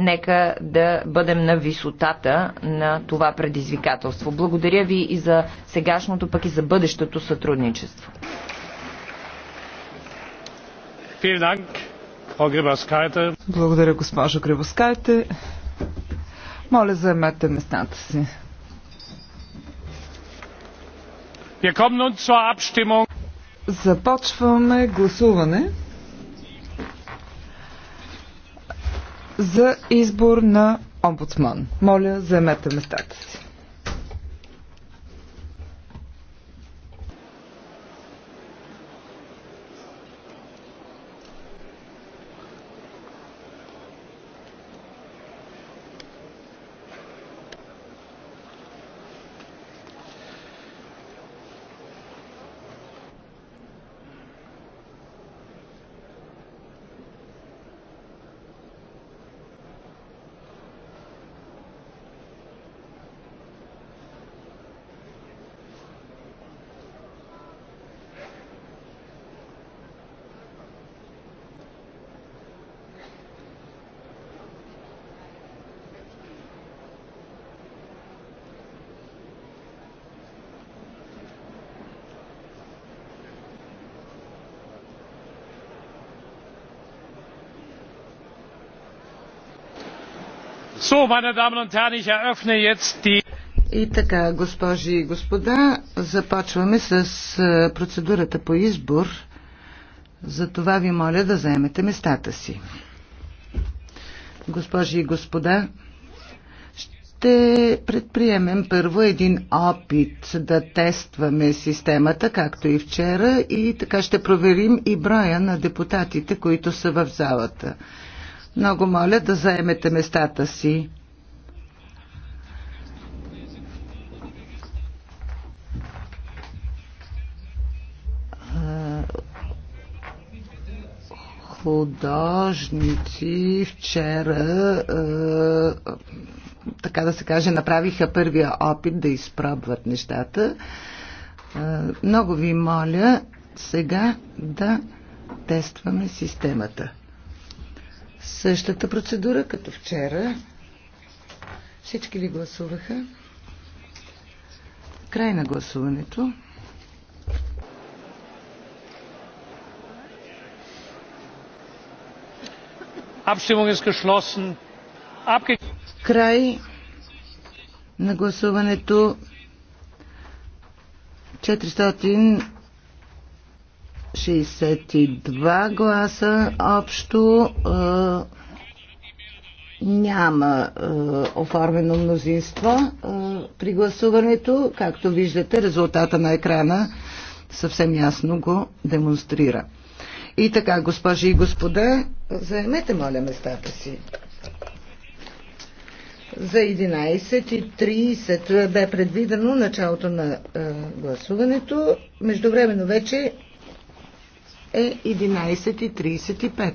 Нека да бъдем на висотата на това предизвикателство. Благодаря ви и за сегашното, пък и за бъдещото сътрудничество. Благодаря, госпожо Грибоскайте. Моля, заемете местата си. Започваме гласуване. за избор на омбудсман. Моля, заемете местата си. И така, госпожи и господа, започваме с процедурата по избор. За това ви моля да заемете местата си. Госпожи и господа, ще предприемем първо един опит да тестваме системата, както и вчера, и така ще проверим и броя на депутатите, които са в залата. Много моля да заемете местата си. Художници вчера, е, така да се каже, направиха първия опит да изпробват нещата. Е, много ви моля сега да тестваме системата. Същата процедура като вчера. Всички ли гласуваха? Край на гласуването. Е Край на гласуването 400 62 гласа общо. Няма е, оформено мнозинство е, при гласуването. Както виждате, резултата на екрана съвсем ясно го демонстрира. И така, госпожи и господа, заемете, моля, местата си. За 11.30 бе предвидено началото на е, гласуването. Междувременно вече е 11.35.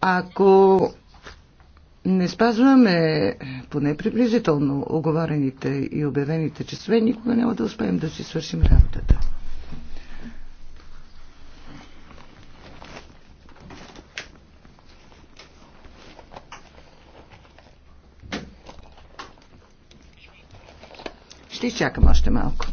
Ако не спазваме поне приблизително оговорените и обявените часове, никога няма да успеем да си свършим работата. Ще изчакам още малко.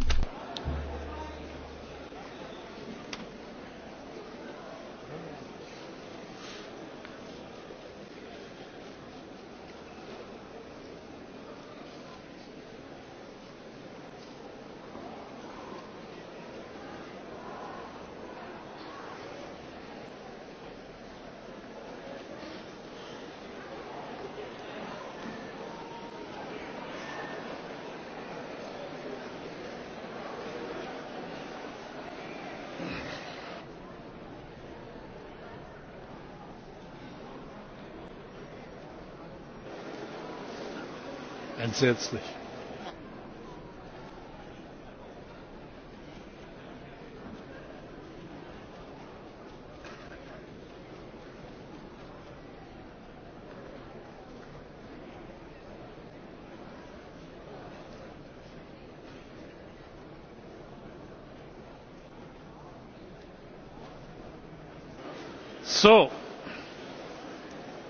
entsetzlich.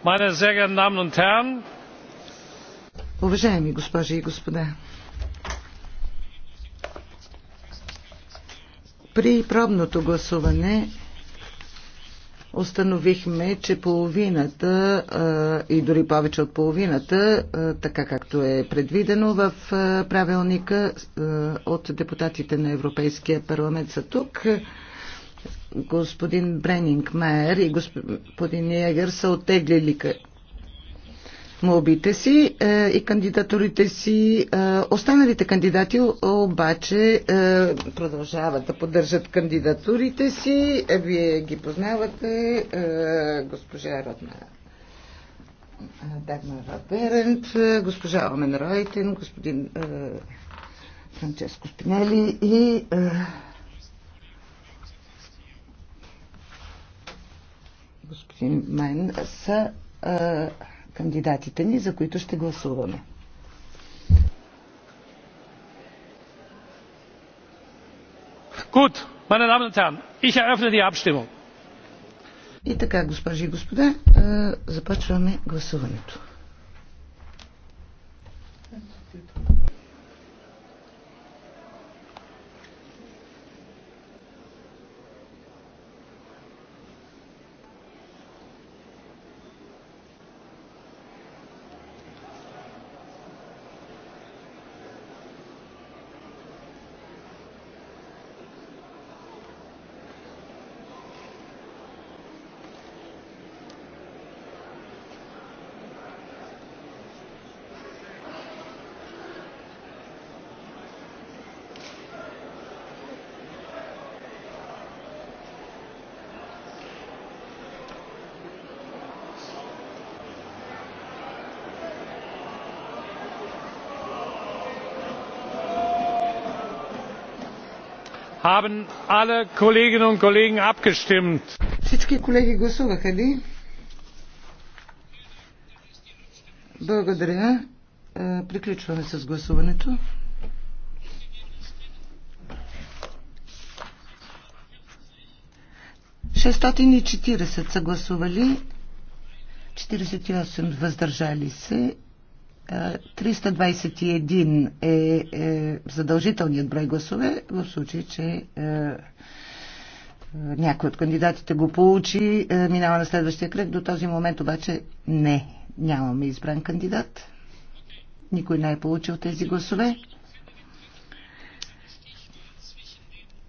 meine sehr geehrten damen und herren! Уважаеми госпожи и господа, при пробното гласуване установихме, че половината и дори повече от половината, така както е предвидено в правилника от депутатите на Европейския парламент са тук. Господин Бренинг Майер и господин Егер, са оттеглили молбите си е, и кандидатурите си. Е, останалите кандидати обаче е, продължават да поддържат кандидатурите си. Вие ги познавате, госпожа Родна. Дагмара Берент, госпожа Омен Ройтен, господин Франческо Спинели и господин Майн са кандидатите ни, за които ще гласуваме. meine Damen und Herren, ich eröffne die Abstimmung. И така, госпожи и господа, е, започваме гласуването. haben alle Kolleginnen und Kollegen abgestimmt. Всички колеги гласуваха ли? Благодаря. Приключваме с гласуването. Шестотин и четиридесет са гласували, 48 въздържали се 321 е, е задължителният брой гласове, в случай, че е, е, някой от кандидатите го получи, е, минава на следващия кръг. До този момент обаче не, нямаме избран кандидат. Никой не е получил тези гласове.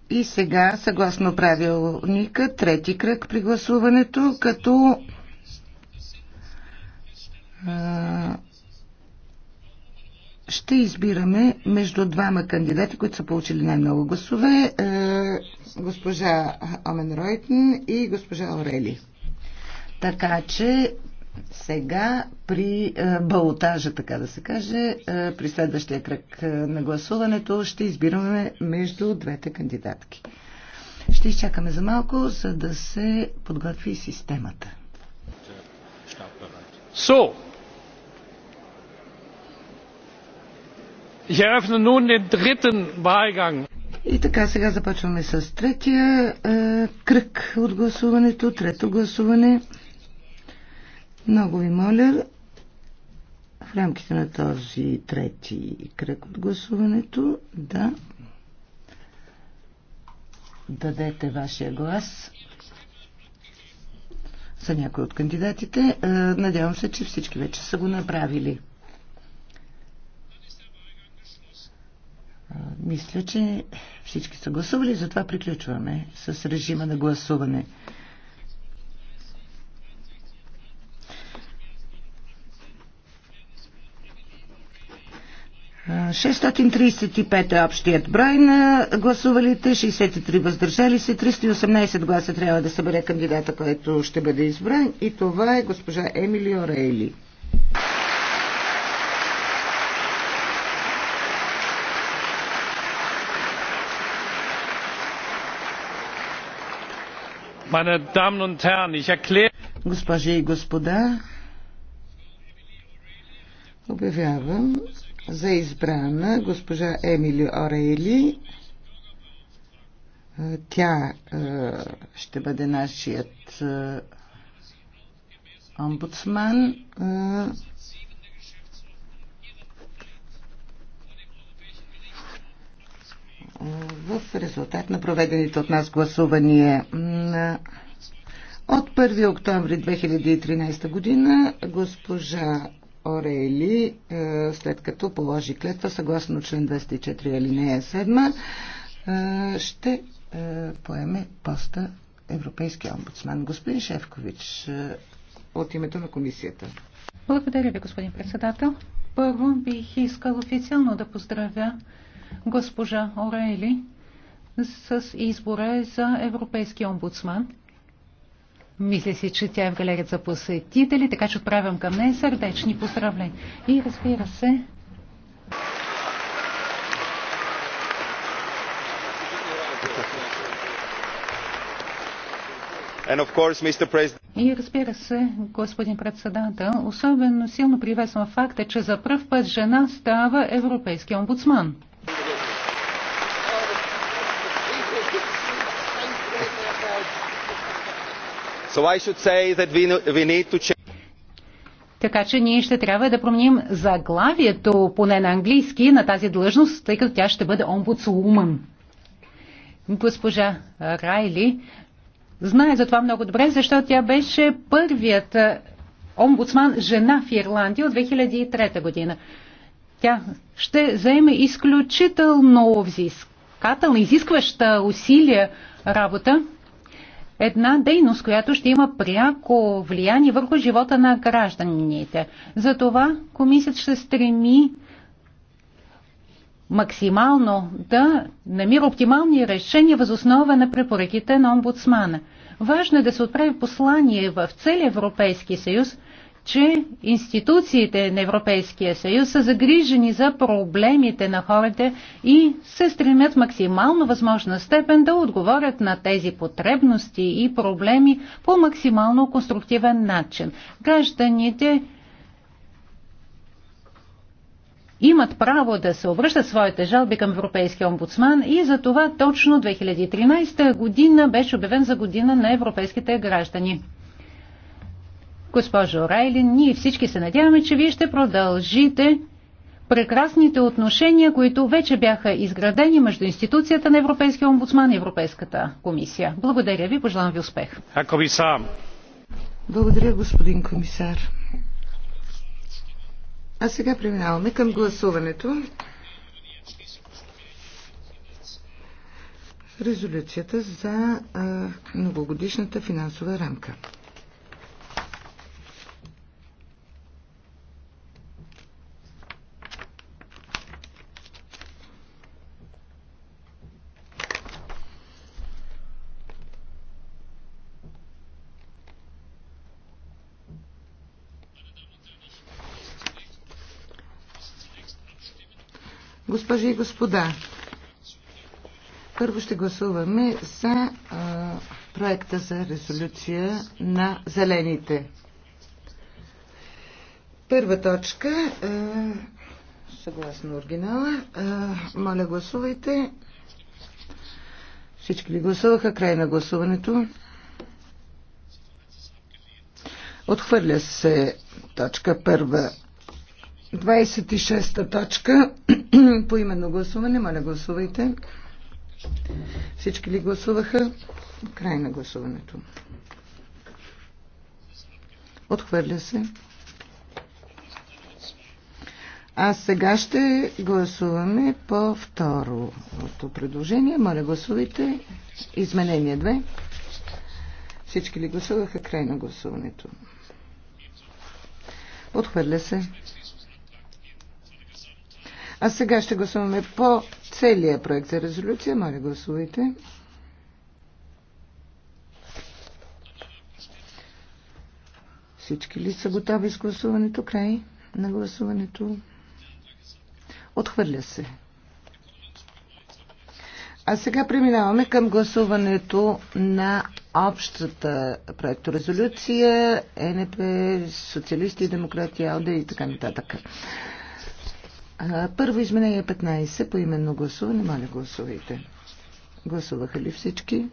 И сега, съгласно правилника, трети кръг при гласуването, като е, ще избираме между двама кандидати, които са получили най-много гласове, е, госпожа Омен Ройтен и госпожа Орели. Така че сега при е, балотажа, така да се каже, е, при следващия кръг на гласуването ще избираме между двете кандидатки. Ще изчакаме за малко, за да се подготви системата. So, И така, сега започваме с третия е, кръг от гласуването, трето гласуване. Много ви моля, в рамките на този трети кръг от гласуването, да дадете вашия глас за някой от кандидатите. Е, надявам се, че всички вече са го направили. Мисля, че всички са гласували, затова приключваме с режима на гласуване. Uh, 635 е общият брой на гласувалите, 63 въздържали се, 318 гласа трябва да събере кандидата, който ще бъде избран и това е госпожа Емили Орейли. Госпожи и господа, обявявам за избрана госпожа Емили Орели, е, Тя е, ще бъде нашият е, омбудсман. в резултат на проведените от нас гласувания от 1 октомври 2013 година госпожа Орели, е, след като положи клетва съгласно член 204 алинея 7, е, ще е, поеме поста Европейски омбудсман. Господин Шевкович, от името на комисията. Благодаря ви, господин председател. Първо бих искал официално да поздравя госпожа Орели с избора е за европейски омбудсман. Мисля си, че тя е в галерията за посетители, така че отправям към нея сърдечни поздравления. И разбира се, Course, И разбира се, господин председател, особено силно приветствам факта, че за първ път жена става европейски омбудсман. така че ние ще трябва да променим заглавието, поне на английски, на тази длъжност, тъй като тя ще бъде омбудсуман. Госпожа Райли знае за това много добре, защото тя беше първият е, омбудсман жена в Ирландия от 2003 година. Тя ще заеме изключително взискателна, изискваща усилия работа една дейност, която ще има пряко влияние върху живота на гражданите. Затова комисията ще стреми максимално да намира оптимални решения възоснова на препоръките на омбудсмана. Важно е да се отправи послание в целия Европейски съюз, че институциите на Европейския съюз са загрижени за проблемите на хората и се стремят максимално възможна степен да отговорят на тези потребности и проблеми по максимално конструктивен начин. Гражданите имат право да се обръщат своите жалби към Европейския омбудсман и за това точно 2013 година беше обявен за година на европейските граждани. Госпожо Райлин, ние всички се надяваме, че вие ще продължите прекрасните отношения, които вече бяха изградени между институцията на Европейския омбудсман и Европейската комисия. Благодаря ви, пожелавам ви успех. Благодаря, господин комисар. А сега преминаваме към гласуването. Резолюцията за а, многогодишната финансова рамка. Госпожи и господа, първо ще гласуваме за а, проекта за резолюция на зелените. Първа точка, а, съгласно оригинала, а, моля гласувайте. Всички ли гласуваха? Край на гласуването. Отхвърля се точка първа 26-та точка по именно гласуване. Моля, гласувайте. Всички ли гласуваха? Край на гласуването. Отхвърля се. А сега ще гласуваме по второто предложение. Моля, гласувайте. Изменение 2. Всички ли гласуваха край на гласуването? Отхвърля се. А сега ще гласуваме по целия проект за резолюция. Моля, гласувайте. Всички ли са готови с гласуването? Край на гласуването. Отхвърля се. А сега преминаваме към гласуването на общата проекторезолюция НП, социалисти, демократи, АЛДЕ и така нататък. Първо изменение 15 по именно гласуване. Моля, гласувайте. Гласуваха ли всички?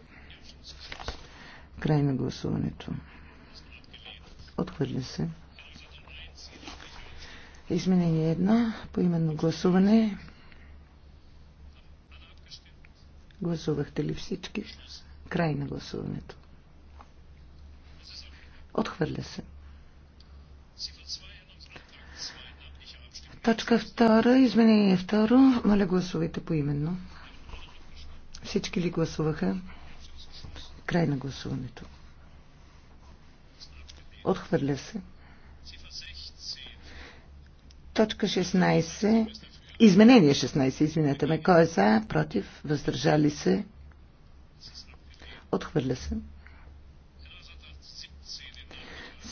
Край на гласуването. Отхвърля се. Изменение 1 по именно гласуване. Гласувахте ли всички? Край на гласуването. Отхвърля се. Точка втора, изменение второ. Моля гласувайте поименно. Всички ли гласуваха? Край на гласуването. Отхвърля се. Точка 16. Изменение 16, извинете ме. Кой е за, против, въздържали се? Отхвърля се.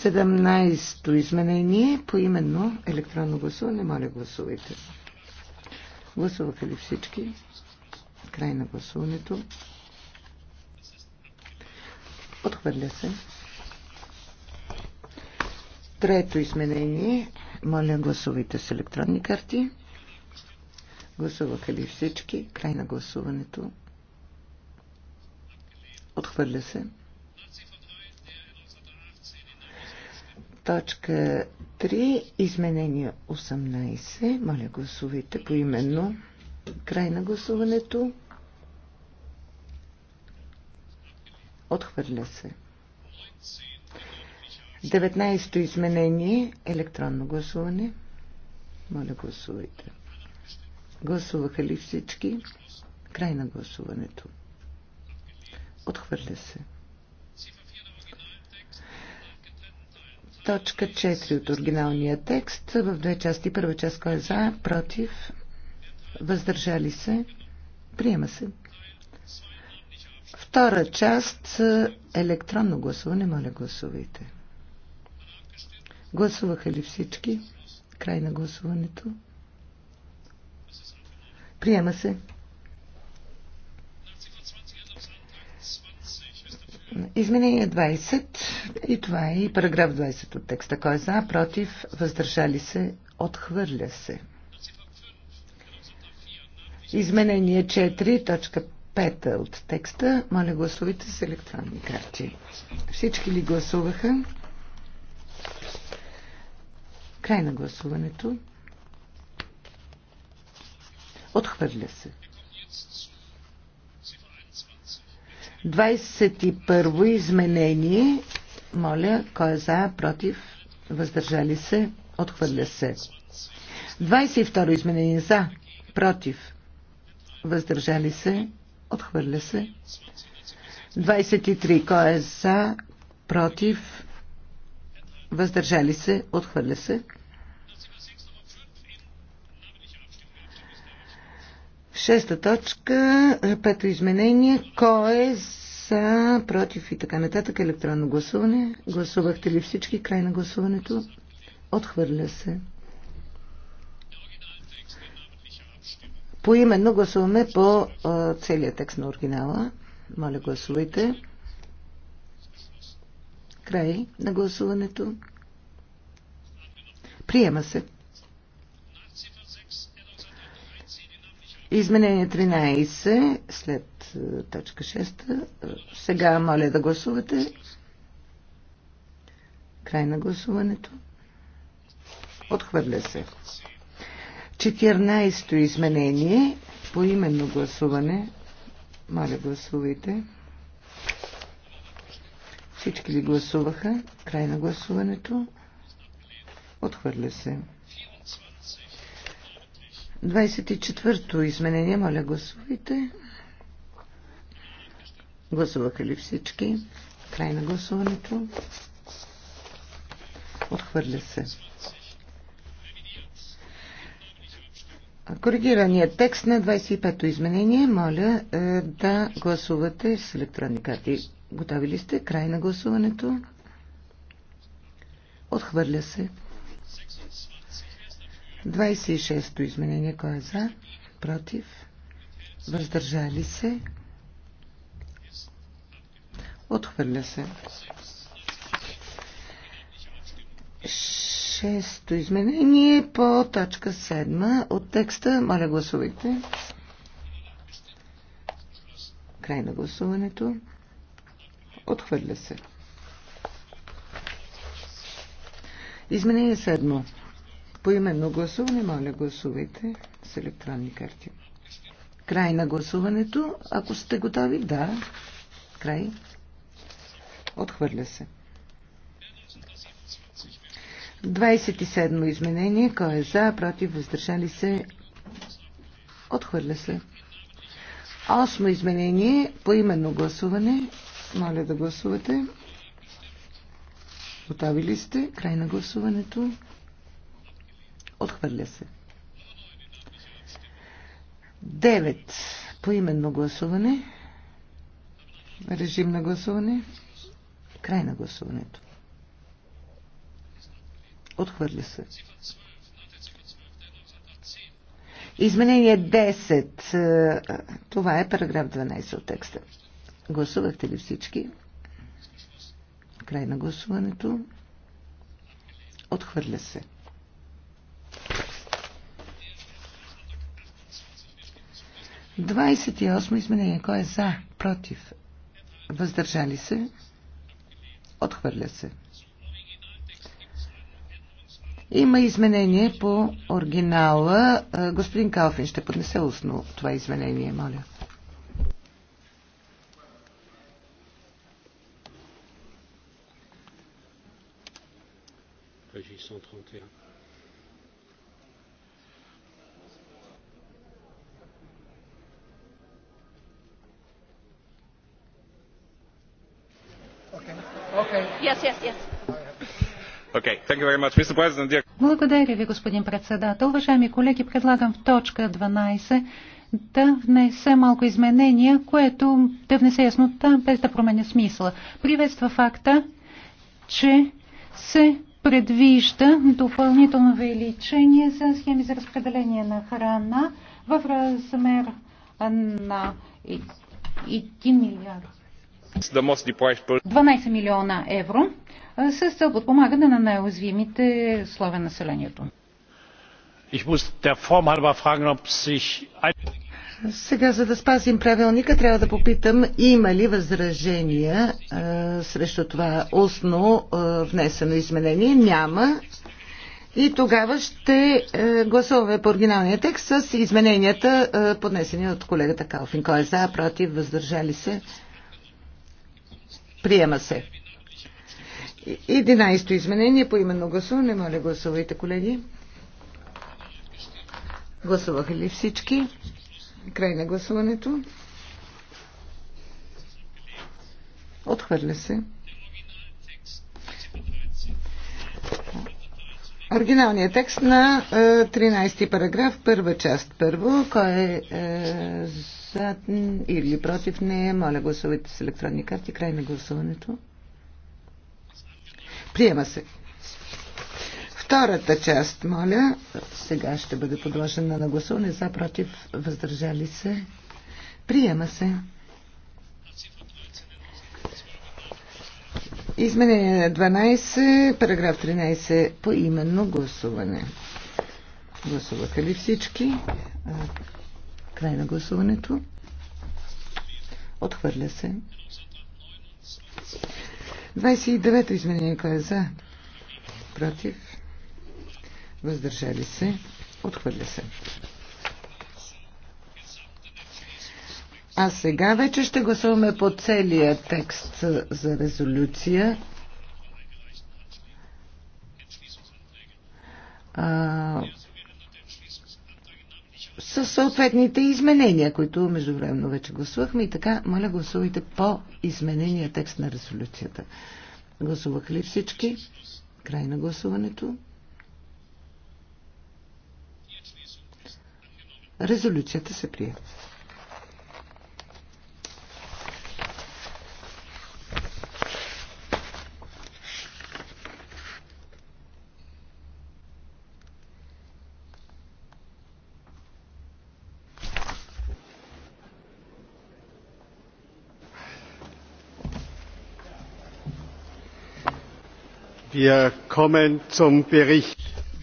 17-то изменение по именно електронно гласуване. Моля, гласувайте. Гласуваха ли всички? Край на гласуването. Отхвърля се. Трето изменение. Моля, гласувайте с електронни карти. Гласуваха ли всички? Край на гласуването. Отхвърля се. Точка 3. Изменение 18. Моля, гласувайте по именно. Край на гласуването. Отхвърля се. 19-то изменение. Електронно гласуване. Моля, гласувайте. Гласуваха ли всички? Край на гласуването. Отхвърля се. Точка 4 от оригиналния текст в две части. Първа част кой е за, против, въздържали се, приема се. Втора част електронно гласуване. Моля, гласувайте. Гласуваха ли всички? Край на гласуването. Приема се. Изменение 20. И това е и параграф 20 от текста. Кой е за, против, въздържали се, отхвърля се. Изменение 4, точка 5 от текста. Моля гласувайте с електронни карти. Всички ли гласуваха? Край на гласуването. Отхвърля се. 21 изменение моля, кой е за, против, въздържали се, отхвърля се. 22 изменение за, против, въздържали се, отхвърля се. 23. Кой е за, против, въздържали се, отхвърля се. 6 точка, пето изменение. Кой е за, против и така нататък електронно гласуване. Гласувахте ли всички? Край на гласуването. Отхвърля се. Поименно гласуваме по целия текст на оригинала. Моля, гласувайте. Край на гласуването. Приема се. Изменение 13 след точка 6. Сега моля да гласувате. Край на гласуването. Отхвърля се. 14-то изменение по именно гласуване. Моля, гласувайте. Всички ли гласуваха? Край на гласуването. Отхвърля се. 24-то изменение. Моля, гласувайте. Гласуваха ли всички? Край на гласуването. Отхвърля се. Коригираният текст на 25-то изменение моля е, да гласувате с електронни карти. Готови ли сте? Край на гласуването. Отхвърля се. 26-то изменение. Кой е за? Против? Въздържали се? Отхвърля се. Шесто изменение по точка 7 от текста. Моля гласувайте. Край на гласуването. Отхвърля се. Изменение 7. По именно гласуване, моля гласувайте с електронни карти. Край на гласуването. Ако сте готови, да. Край. Отхвърля се. 27 изменение. Кой е за, против, въздържали се? Отхвърля се. Осмо изменение по именно гласуване. Моля да гласувате. Готови ли сте? Край на гласуването. Отхвърля се. 9. Поименно гласуване. Режим на гласуване. Край на гласуването. Отхвърля се. Изменение 10. Е, това е параграф 12 от текста. Гласувахте ли всички? Край на гласуването. Отхвърля се. Двадесет и осмо изменение. Кой е за? Против? Въздържали се? Отхвърля се. Има изменение по оригинала. Господин Калфин ще поднесе устно това изменение, моля. Régie 131. Благодаря ви, господин председател. Уважаеми колеги, предлагам в точка 12 да внесе малко изменения, което да внесе яснота, без да променя смисъла. Приветства факта, че се предвижда допълнително увеличение за схеми за разпределение на храна в размер на 1 милиард 12 милиона евро с цел подпомагане на най-уязвимите слове населението. Сега, за да спазим правилника, трябва да попитам има ли възражения а, срещу това устно а, внесено изменение. Няма. И тогава ще а, гласуваме по оригиналния текст с измененията, а, поднесени от колегата Калфин. Кой е за, против, въздържали се? Приема се. 11-то изменение по именно гласуване. Моля, гласувайте, колеги. Гласуваха ли всички? Край на гласуването. Отхвърля се. Оригиналният текст на 13 е, параграф, първа част първо. Кой е, е за или против нея. Моля, гласувайте с електронни карти. Край на гласуването. Приема се. Втората част, моля, сега ще бъде подложена на гласуване за, против, въздържали се. Приема се. Изменение 12, параграф 13 по именно гласуване. Гласуваха ли всички? Край на гласуването. Отхвърля се. 29-то изменение. Кой е за? Против? Въздържали се? Отхвърля се. А сега вече ще гласуваме по целия текст за резолюция. съответните изменения, които междувременно вече гласувахме. И така, моля, гласувайте по изменения текст на резолюцията. Гласуваха ли всички? Край на гласуването. Резолюцията се прие.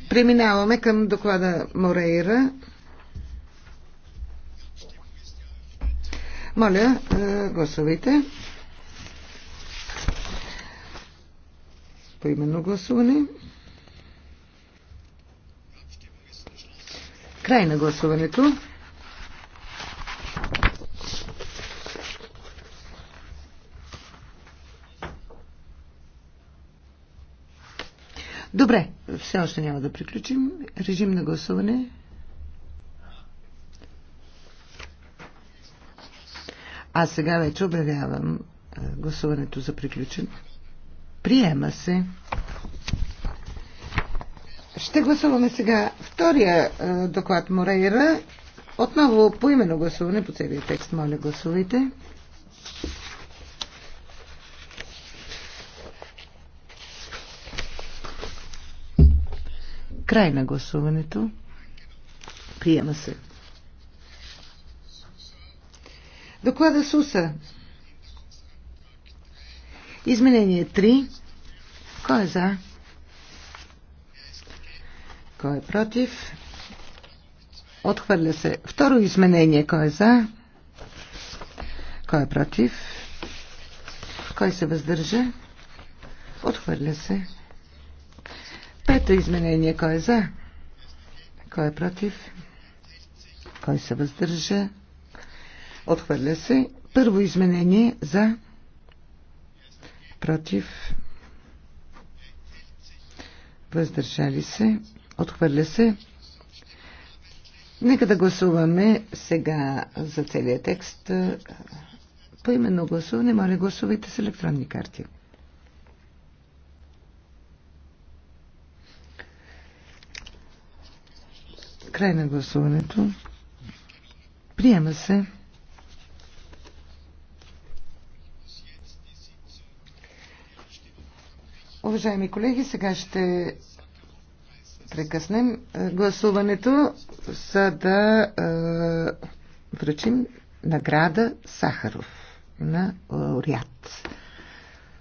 Преминаваме към доклада Морейра. Моля, е, гласувайте. Поименно гласуване. Край на гласуването. Все още няма да приключим. Режим на гласуване. А сега вече обявявам е, гласуването за приключен. Приема се. Ще гласуваме сега втория е, доклад Морейра. Отново по именно гласуване по целия текст. Моля, гласувайте. Край на гласуването. Приема се. Доклада СУСА. Изменение 3. Кой е за? Кой е против? Отхвърля се. Второ изменение. Кой е за? Кой е против? Кой се въздържа? Отхвърля се. Пето изменения. Кой е за? Кой е против? Кой се въздържа? Отхвърля се. Първо изменение за против въздържали се. Отхвърля се. Нека да гласуваме сега за целият текст. По именно гласуване, моля гласувайте с електронни карти. Край на гласуването. Приема се. Уважаеми колеги, сега ще прекъснем е, гласуването, за да е, връчим награда Сахаров на лауреат.